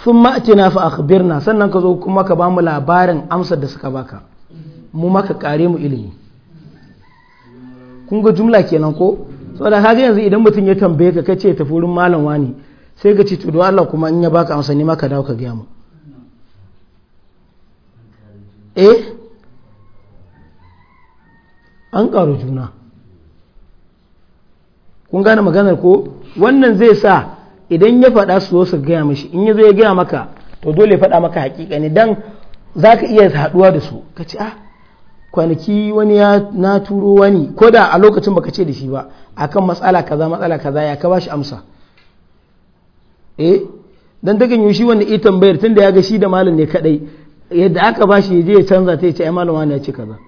sun ma'atina fa akhbirna sannan ka zo kuma ka ba mu labarin amsar da suka baka mu maka kare mu ilimi kun jumla kenan ko saboda haka yanzu idan mutum ya tambaye ka kace tafi wurin malam wani sai ka ce tudu Allah kuma in ya baka amsa ne maka dawo ka gaya mu eh an ƙaru juna kun gane maganar ko wannan zai sa idan ya faɗa su su gaya mashi in ya zo ya gaya maka to dole faɗa maka hakika ne don za ka iya haɗuwa da su ka ce ah kwanaki wani ya na turo wani ko da a lokacin baka ce da shi ba akan matsala kaza matsala kaza ya ka bashi amsa eh dan daga yi shi wanda ita tambayar tunda ya ga shi da malam ne kadai yadda aka bashi ya je ya canza ta ya ce ai malam wani ya ce kaza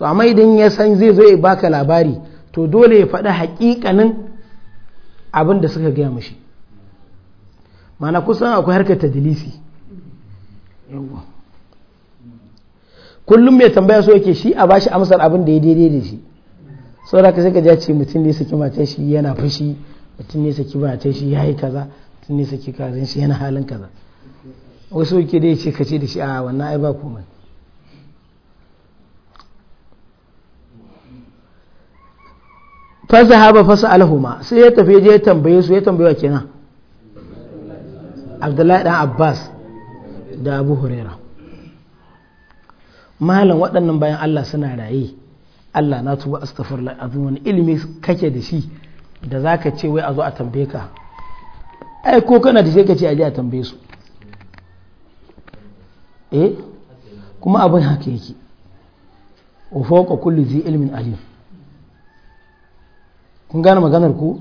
to amma idan ya san zai zo ya baka labari to dole ya faɗi haƙiƙanin abin da suka gaya mashi mana kusan akwai harkar tadilisi kullum mai tambaya so yake shi a bashi amsar abin da ya daidai da shi saboda ka sai ka ce mutum ne saki matan shi yana fushi mutum ne saki matan shi yi kaza mutum ne saki kazan shi yana halin kaza wasu ke dai ce ce da shi a wannan ai ba komai fa zahaba fa alhuma sai ya tafi je tambaye su ya tambaye kenan Abdullahi dan Abbas da Abu Huraira malam waɗannan bayan Allah suna raye Allah na tuba astafar azim wani ilimi kake da shi da zaka ce wai a zo a tambaye ka ai ko kana da shi ka ce a a tambaye su eh kuma abin haka yake wa fawqa kulli zi ilmin alim kun gane maganar ku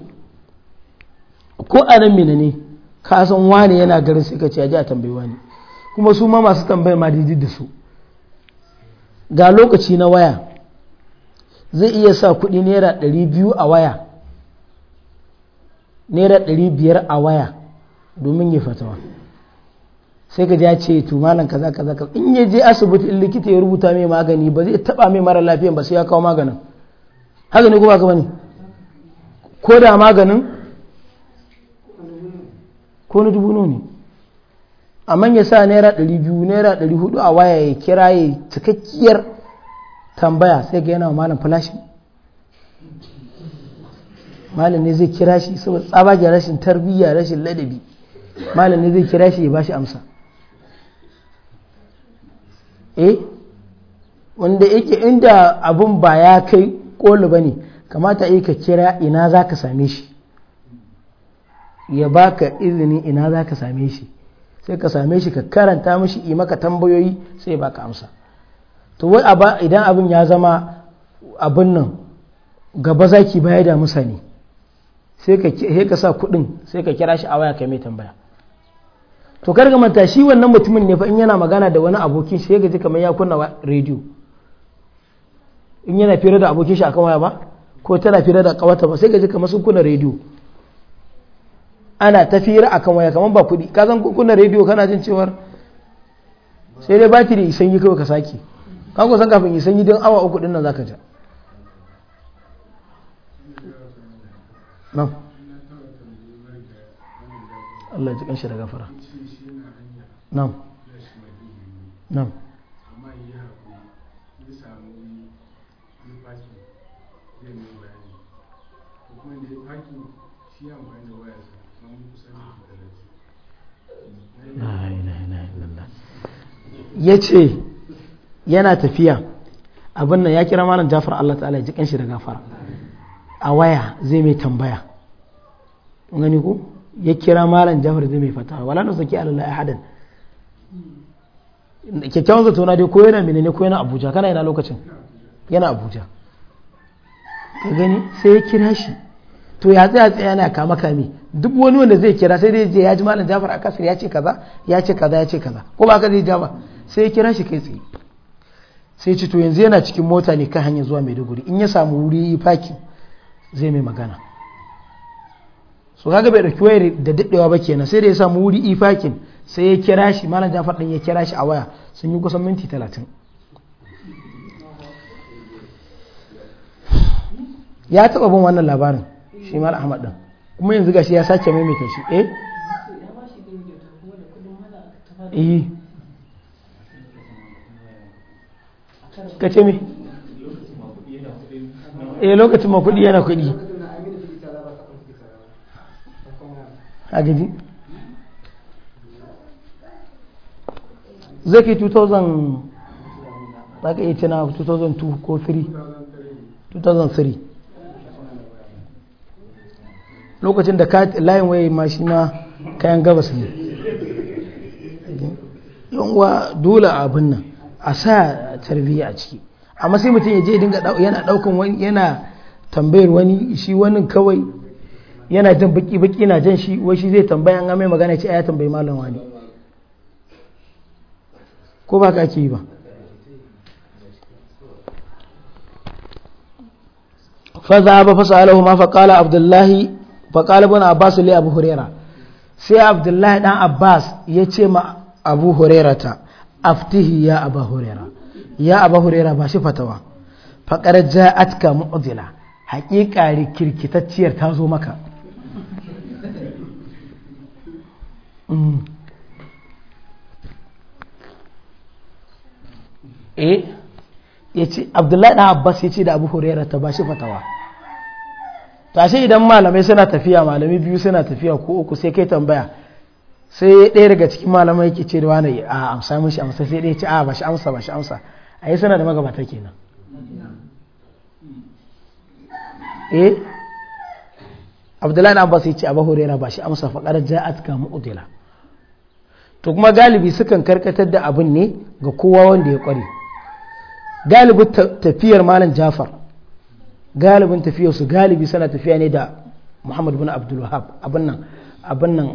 ko a nan mina ne ka san wani yana garin sai ka ce aje a tambayi wani kuma su ma masu tambayi ma didi da su ga lokaci na waya zai iya sa kuɗi naira ɗari biyu a waya naira ɗari biyar a waya domin ya fatawa sai ka ja ce to malam kaza kaza kaza in ya je asibiti in likita ya rubuta mai magani ba zai taba mai mara lafiyan ba sai ya kawo maganin haka ne kuma ka bane ko da maganin ko na dubu nuni a manya sa naira ɗari biyu naira ɗari hudu a waya ya kira ya cikakkiyar tambaya sai ga yana wa malin falashi malam ne zai kira shi saboda tsabagen rashin tarbiyya rashin ladabi malam ne zai kira shi ya bashi amsa eh wanda yake inda abun ba ya kai kolu ba ne kamata yi ka kira ina za ka same shi ya baka izini ina za ka same shi sai ka same shi ka karanta mashi yi maka tambayoyi sai ba ka amsa to wai idan abin ya zama abin nan gaba za ki baya da musa ne sai ka sa kudin sai ka kira shi a waya ka mai tambaya to karga manta shi wannan mutumin ne fa in yana magana da wani abokin shi ya gaji kamar ya kunna rediyo in yana fira da abokin shi akan waya ba ko tana fira da kawata ba sai ka ji kamar sun kunna rediyo ana tafiyar a kan waya kamar ba kuɗi ka san kunna rediyo kana jin cewar sai dai da isan yi kawai ka sake ka ko san kafin isan yi don awa uku din nan ka ja nan Allah ya ji kanshi da gafara nan nan ya ce yana tafiya abin nan ya kira malam jafar Allah ta'ala ya ji kanshi da gafara a waya zai mai tambaya gani ku ya kira malam jafar zai mai fata wala na saki alala hadin kyakkyawan zato na dai ko yana menene ko yana abuja kana yana lokacin yana abuja ka gani sai ya kira shi to ya tsaya tsaya yana kama kami duk wani wanda zai kira sai dai je ya ji malam Jafar Akasir ya ce kaza ya ce kaza ya ce kaza ko ba ka zai ba sai ya kira shi kai tsaye sai ce to yanzu yana cikin mota ne kan hanyar zuwa Maiduguri in ya samu wuri yi faki zai mai magana so kaga bai dauki wayar da daddewa ba kenan sai da ya samu wuri yi fakin sai ya kira shi malam Jafar din ya kira shi a waya sun yi kusan minti 30 ya taba bin wannan labarin shi mal ahmad din kuma yanzu gashi ya sace maimaita shi eh eh ka ce me eh lokacin ma kuɗi yana kudi a gaji zaki 2000 za ka iya cina 2002 ko 3 2003 lokacin da layin waye ma shi ma kayan gabas ne yanwa dole abin nan a sa tarbiyya a ciki amma sai mutum ya je dinga yana daukan wani yana tambayar wani shi wani kawai yana jan baki baki na jan shi wai shi zai tambaya an mai magana ce ya tambayi malam wani ko ba ka ake yi ba fa za ba ma fa abdullahi fa qala abbas li abu huraira sai abdullahi dan abbas ya ce ma abu hurairata aftihi ya abu huraira ya abu huraira ba shi fatawa faƙar ja'atka mu'dila haƙiƙa rikirkitacciyar ta zo maka mm. eh ya ce abdullahi dan abbas ya ce da abu tashi idan malamai suna tafiya malami biyu suna tafiya ko uku sai kai tambaya sai ɗaya daga cikin malamai yake ce da wani a amsa mishi amsa sai ɗaya ce a ba shi amsa ba shi amsa a yi suna da magabata kenan eh abdullahi na abbas ya ce a Bahu ba shi amsa faƙar ja'at ga mu'udila to kuma galibi sukan karkatar da abin ne ga kowa wanda ya ƙware galibi tafiyar malam jafar galibin tafiya su galibi suna tafiya ne da muhammad bin abdul wahab abin nan abin nan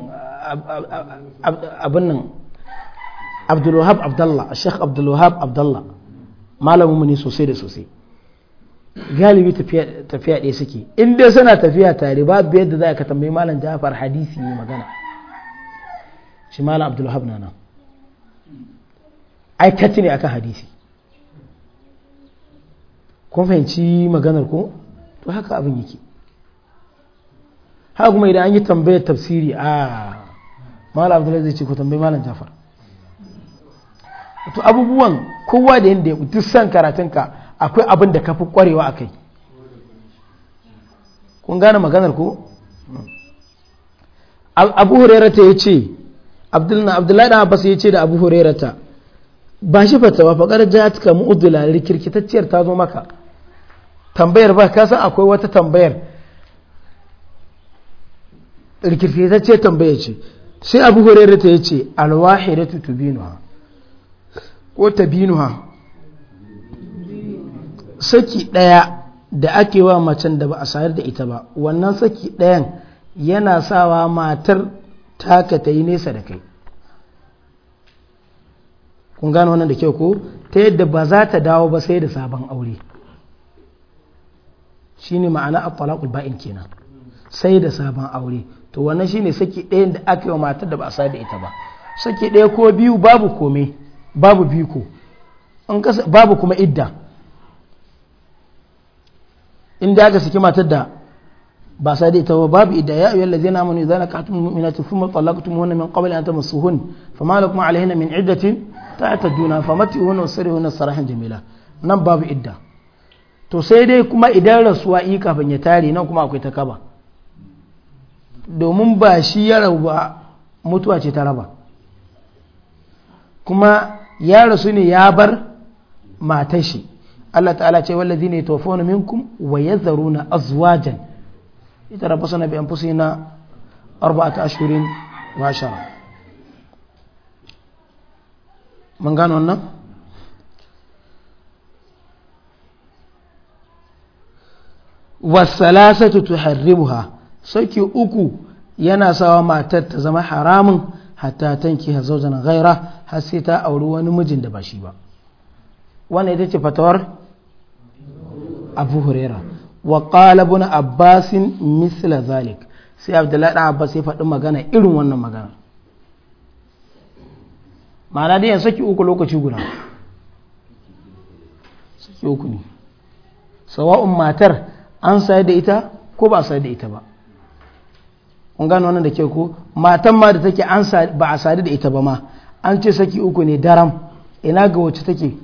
abin nan abdul wahab abdallah sheikh abdul wahab abdallah malamin mu ne sosai da sosai galibi tafiya ɗaya suke in dai suna tafiya tare babu yadda za ka tambayi malam jafar hadisi ne magana shi malam abdul wahab na nan ai ne akan hadisi kun fahimci maganar ko to haka abin yake haka kuma idan an yi tambayar tafsiri a malam abdullahi zai ce ku tambayi malam jafar to abubuwan kowa da yadda ya duk san karatunka akwai abin da ka kwarewa a kai kun gane maganar ko abu hurairata ya ce abdullahi da abbas ya ce da abu hurairata ba shi fatawa faƙar jatuka mu'udula ciyar ta zo maka tambayar ba ka akwai wata tambayar rikirkitacce tambaya ce sai abu hurairu ta yi ce yace alwahidatu tubinuha ko tabinuha saki daya da ake wa macen da ba a sayar da ita ba wannan saki dayan yana sawa matar taka ta yi nesa da kai kun gano wannan da kyau ko ta yadda ba za ta dawo ba sai da sabon aure shine ma'ana at-talaqul ba'in kenan sai da sabon aure to wannan shine saki ɗayan da aka yi wa matar da ba a sa da ita ba saki ɗaya ko biyu babu kome babu biko in kasa babu kuma idda inda aka saki matar da ba sa da ita ba babu idda ya ayyuhal ladzina amanu idza nakahtum mu'minati thumma talaqtumuhunna min qabli an tamassuhun fama lakum alayhinna min iddatin ta'tadduna famatihuhunna wasrihunna sarahan jamila nan babu idda to sai dai kuma idan rasuwa yi kafin ya tare nan kuma akwai ta kaba domin ba shi ya rabuwa mutuwa ce ta raba kuma ya rasu ne ya bar matar shi Allah ta'ala ce wallazi ne tofonu minkum wa ya zaru na azwajan ita suna biyan fusi na arba'ata ashirin rasha ashara mun gano wannan wasalasatu tuharrimuha sauki uku yana sawa matar ta zama haramun hatta tanki hazaujan gaira har sai ta auri wani mijin da ba shi ba wannan ita ce fatawar abu hurera. wa qala ibn abbas misla zalik sai abdullahi dan abbas ya faɗi magana irin wannan magana ma'ana dai saki uku lokaci guda saki uku ne sawa'un matar an sayar da ita ko ba a sayar da ita ba kun gano wannan da ke ko matan ma da take an ba a sayar da ita ba ma an ce saki uku ne daram ina ga wacce take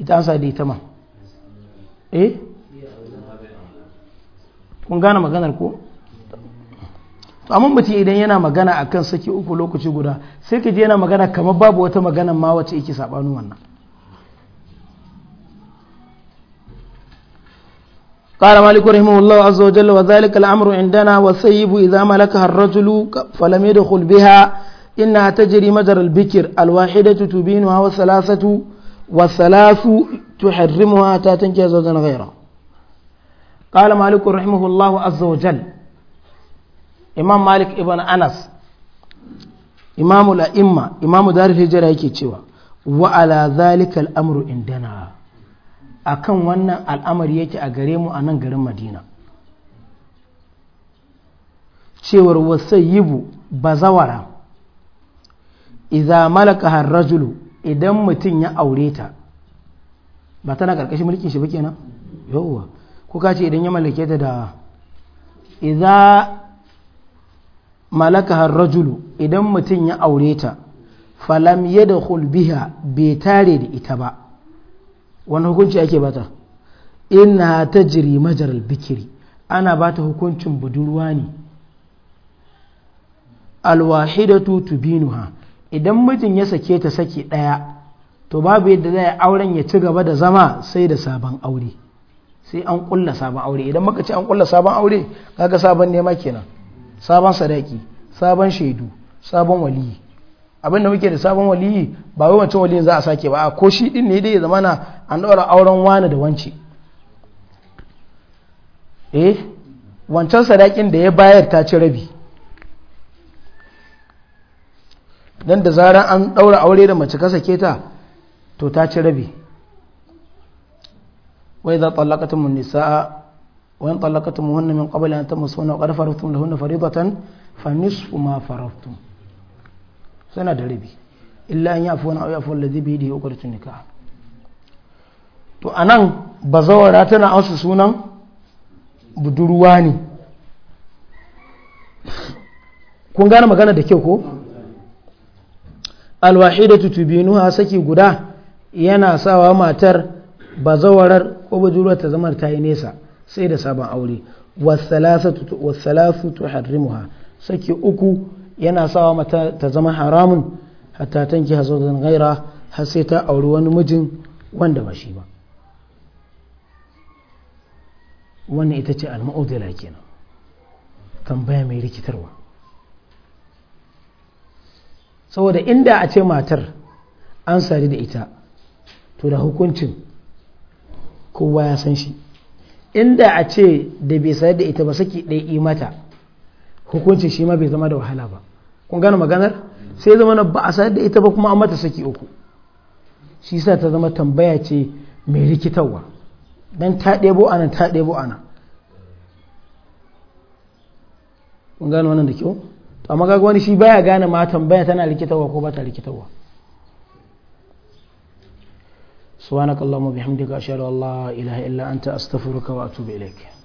ita an sayar da ita ma eh kun gano maganar ko to amma mutum idan yana magana akan saki uku lokaci guda sai ka je yana magana kamar babu wata magana ma wacce yake sabanu wannan قال مالك رحمه الله عز وجل وذلك الأمر عندنا والثيب إذا ملكها الرجل فلم يدخل بها إنها تجري مجرى البكر الواحدة تبينها والثلاثة والثلاث تحرمها حتى تنكح زوجا غيره قال مالك رحمه الله عز وجل إمام مالك ابن أنس إمام الأئمة إمام دار الهجرة يكي وعلى ذلك الأمر عندنا akan wannan al'amari yake a gare mu a nan garin madina cewar wasayyibu bazawara iza malaka harrajulu idan mutum ya aure ta ba tana karkashin mulkin shi ba kenan yawwa ko ka ce idan ya mallake ta da iza malaka harrajulu idan mutum ya aure ta falam yadkhul biha bai tare da ita ba wani hukunci ake bata ina ta jiri majar bikiri ana bata hukuncin budurwa ne alwahidatu tubinuha idan mijin ya sake ta sake ɗaya to babu yadda zai auren ya ci gaba da zama sai da sabon aure sai an kulla sabon aure idan muka ce an kulla sabon aure kaga sabon nema kenan sabon sadaki sabon shaidu sabon waliyi abinda muke da sabon waliyi ba wai wancan waliyin za a sake ba a ko shi din ne dai ya zamana an ɗora auren wani da wance eh wancan sadakin da ya bayar ta ci rabi don da zaran an ɗaura aure da mace kasa keta to ta ci rabi wai za tsallakatun nisa'a wani tsallakatun mu hannun min na ta musu sauna ƙar farautun da hannun faribatan fannis kuma farautun suna da rabi illa an yi wani auya fi wallazi bai da ya ukwari tunika to a nan bazawara tana ansu sunan budurwa ne kun gane magana da kyau ko da tutubinu ha saki guda yana sawa matar bazawarar ko budurwar ta zama ta yi nesa sai da sabon aure wasu ha saki uku yana sawa mata ta zama haramun hatta tanki hazardin gaira har sai ta auri wani mijin wanda ba shi ba wannan ita ce al maudila kenan tambaya mai rikitarwa saboda inda a ce matar an sari da ita to da hukuncin kowa ya san shi inda a ce da bai sadu da ita ba saki ɗaya mata hukuncin shi ma bai zama da wahala ba kun gane maganar sai zama na ba a sadu da ita ba kuma an mata saki uku shi sa ta zama tambaya ce mai rikitarwa dan ta ɗebo ana ta ɗebo ana kun wannan da kyau to amma kaga wani shi baya gane matan baya tana likitawa ko ba ta rikitarwa subhanakallahumma bihamdika ashhadu allah la ilaha illa anta astaghfiruka wa atubu ilaik